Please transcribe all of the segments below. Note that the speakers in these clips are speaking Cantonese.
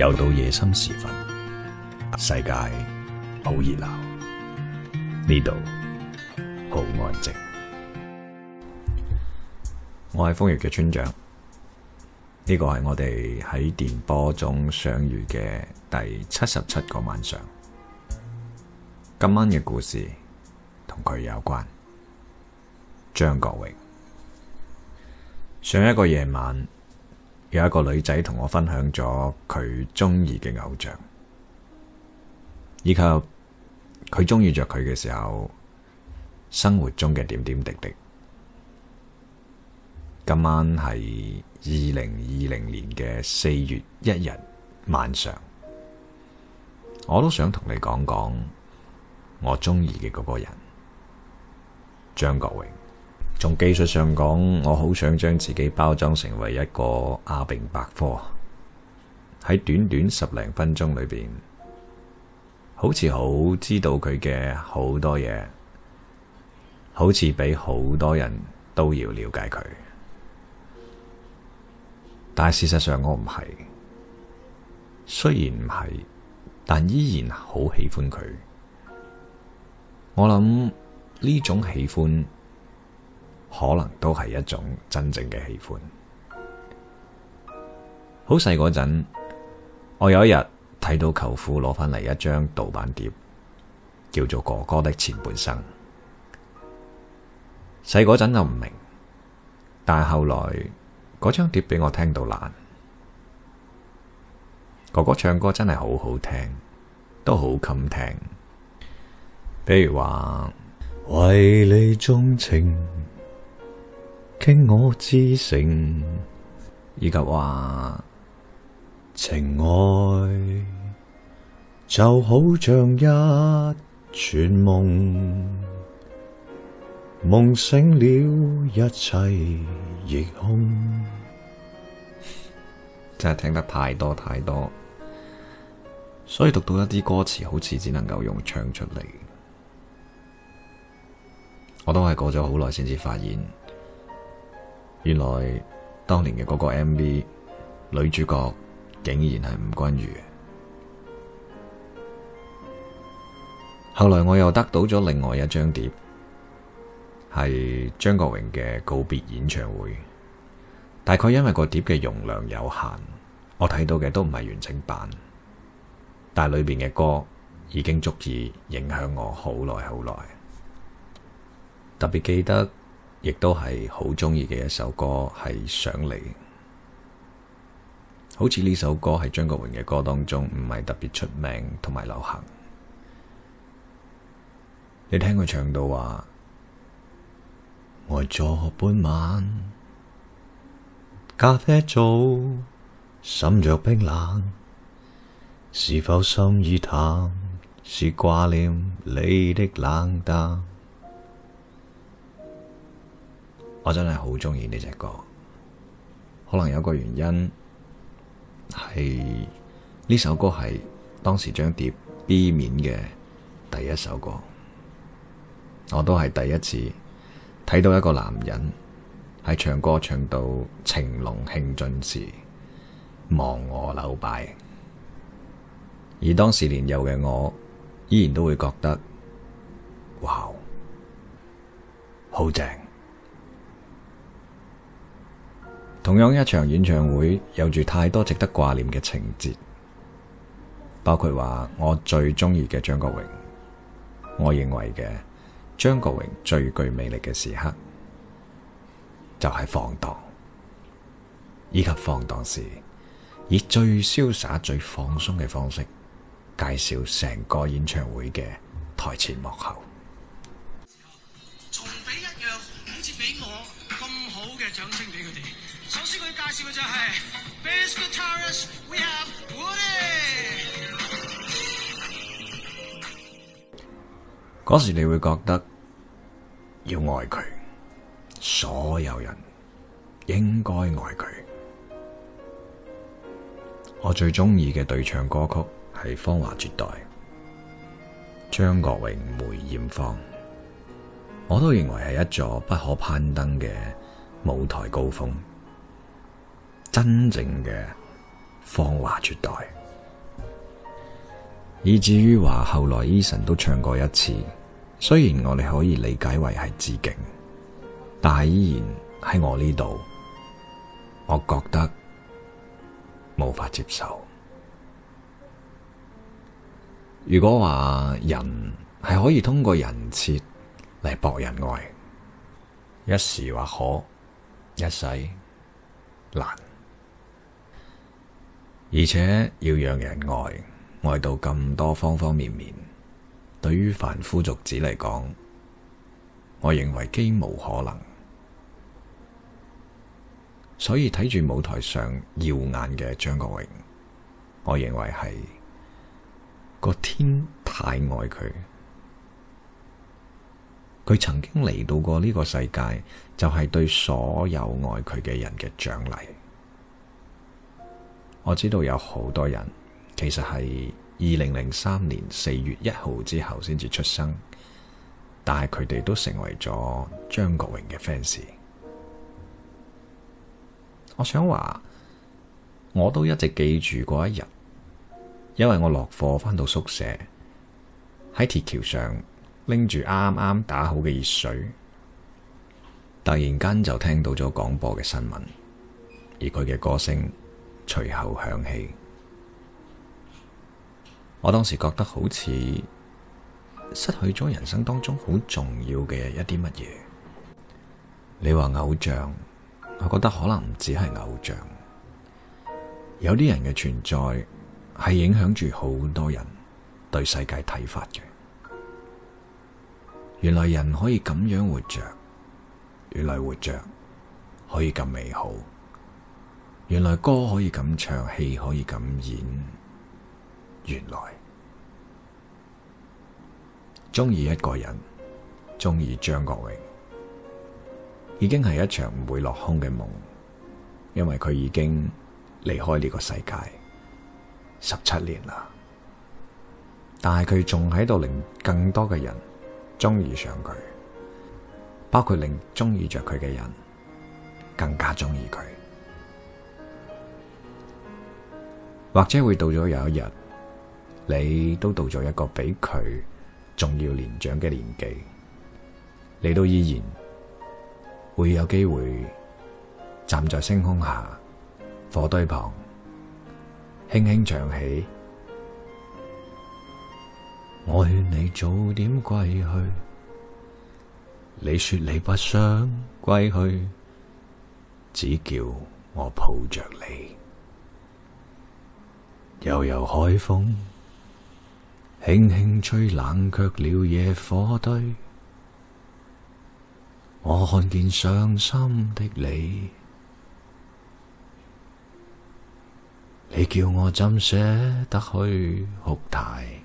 又到夜深時分，世界好熱鬧，呢度好安靜。我係瘋粵嘅村長，呢個係我哋喺電波中相遇嘅第七十七個晚上。今晚嘅故事同佢有關。張國榮，上一個夜晚，有一個女仔同我分享咗佢中意嘅偶像，以及佢中意着佢嘅時候，生活中嘅點點滴滴。今晚係二零二零年嘅四月一日晚上，我都想同你講講我中意嘅嗰個人，張國榮。從技術上講，我好想將自己包裝成為一個阿榮百科。喺短短十零分鐘裏邊，好似好知道佢嘅好多嘢，好似比好多人都要了解佢。但係事實上我唔係，雖然唔係，但依然好喜歡佢。我諗呢種喜歡，可能都係一種真正嘅喜歡。好細嗰陣，我有一日睇到舅父攞翻嚟一張盜版碟，叫做《哥哥的前半生》。細嗰陣就唔明，但係後來嗰張碟俾我聽到爛。哥哥唱歌真係好好聽，都好襟聽。比如話為你鍾情。傾我至誠，以及話情愛，就好像一串夢，夢醒了，一切亦空。真係聽得太多太多，所以讀到一啲歌詞，好似只能夠用唱出嚟。我都係過咗好耐，先至發現。原來當年嘅嗰個 MV 女主角竟然係吳君如。後來我又得到咗另外一張碟，係張國榮嘅告別演唱會。大概因為個碟嘅容量有限，我睇到嘅都唔係完整版，但係裏邊嘅歌已經足以影響我好耐好耐。特別記得。亦都係好鍾意嘅一首歌，係想你。好似呢首歌係張國榮嘅歌當中，唔係特別出名同埋流行。你聽佢唱到話：呆坐半晚，咖啡早滲着冰冷，是否心已淡？是掛念你的冷淡。我真係好中意呢隻歌，可能有個原因係呢首歌係當時張碟 B 面嘅第一首歌，我都係第一次睇到一個男人喺唱歌唱到情濃興盡時忘我扭擺，而當時年幼嘅我依然都會覺得哇好正。同樣一場演唱會有住太多值得掛念嘅情節，包括話我最中意嘅張國榮，我認為嘅張國榮最具魅力嘅時刻就係放蕩，以及放蕩時以最瀟灑、最放鬆嘅方式介紹成個演唱會嘅台前幕後。重比一樣，好似俾我。好嘅掌聲俾佢哋。首先我要介紹嘅就係 Bass Guitarists，We Have Woody。嗰時你會覺得要愛佢，所有人應該愛佢。我最中意嘅對唱歌曲係《芳華絕代》，張國榮、梅艷芳，我都認為係一座不可攀登嘅。舞台高峰，真正嘅芳華絕代，以至於話後來 Eason 都唱過一次。雖然我哋可以理解為係致敬，但係依然喺我呢度，我覺得無法接受。如果話人係可以通過人設嚟博人愛，一時或可。一世難，而且要讓人愛，愛到咁多方方面面，對於凡夫俗子嚟講，我認為幾無可能。所以睇住舞台上耀眼嘅張國榮，我認為係個天太愛佢。佢曾經嚟到過呢個世界，就係對所有愛佢嘅人嘅獎勵。我知道有好多人其實係二零零三年四月一號之後先至出生，但係佢哋都成為咗張國榮嘅 fans。我想話，我都一直記住嗰一日，因為我落課翻到宿舍喺鐵橋上。拎住啱啱打好嘅熱水，突然間就聽到咗廣播嘅新聞，而佢嘅歌聲隨後響起。我當時覺得好似失去咗人生當中好重要嘅一啲乜嘢。你話偶像，我覺得可能唔止係偶像，有啲人嘅存在係影響住好多人對世界睇法嘅。原來人可以咁樣活着，原來活着可以咁美好。原來歌可以咁唱，戲可以咁演。原來鍾意一個人，鍾意張國榮，已經係一場唔會落空嘅夢。因為佢已經離開呢個世界十七年啦，但係佢仲喺度令更多嘅人中意上佢，包括令中意着佢嘅人更加中意佢。或者會到咗有一日，你都到咗一個比佢仲要年長嘅年紀，你都依然會有機會站在星空下、火堆旁，輕輕唱起。我勸你早點歸去，你說你不想歸去，只叫我抱着你。悠悠海風輕輕吹，冷卻了野火堆。我看見傷心的你，你叫我怎捨得去哭態？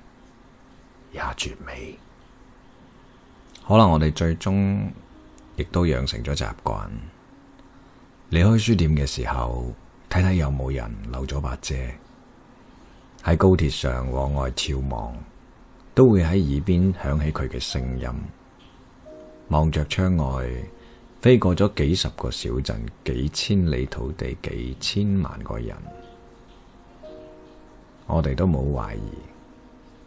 也絕美。可能我哋最終亦都養成咗習慣，離開書店嘅時候，睇睇有冇人漏咗把遮；喺高鐵上往外眺望，都會喺耳邊響起佢嘅聲音。望着窗外，飛過咗幾十個小鎮、幾千里土地、幾千萬個人，我哋都冇懷疑。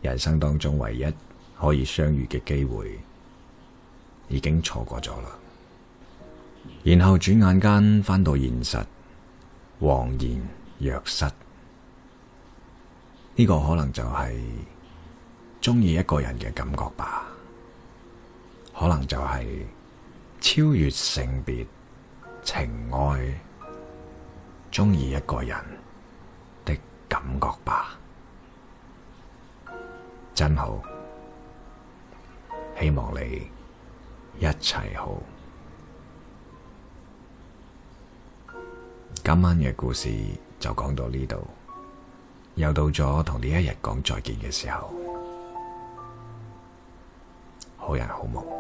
人生當中唯一可以相遇嘅機會，已經錯過咗啦。然後轉眼間返到現實，恍然若失。呢、這個可能就係中意一個人嘅感覺吧，可能就係超越性別情愛，中意一個人的感覺吧。真好，希望你一切好。今晚嘅故事就講到呢度，又到咗同呢一日講再見嘅時候，好人好夢。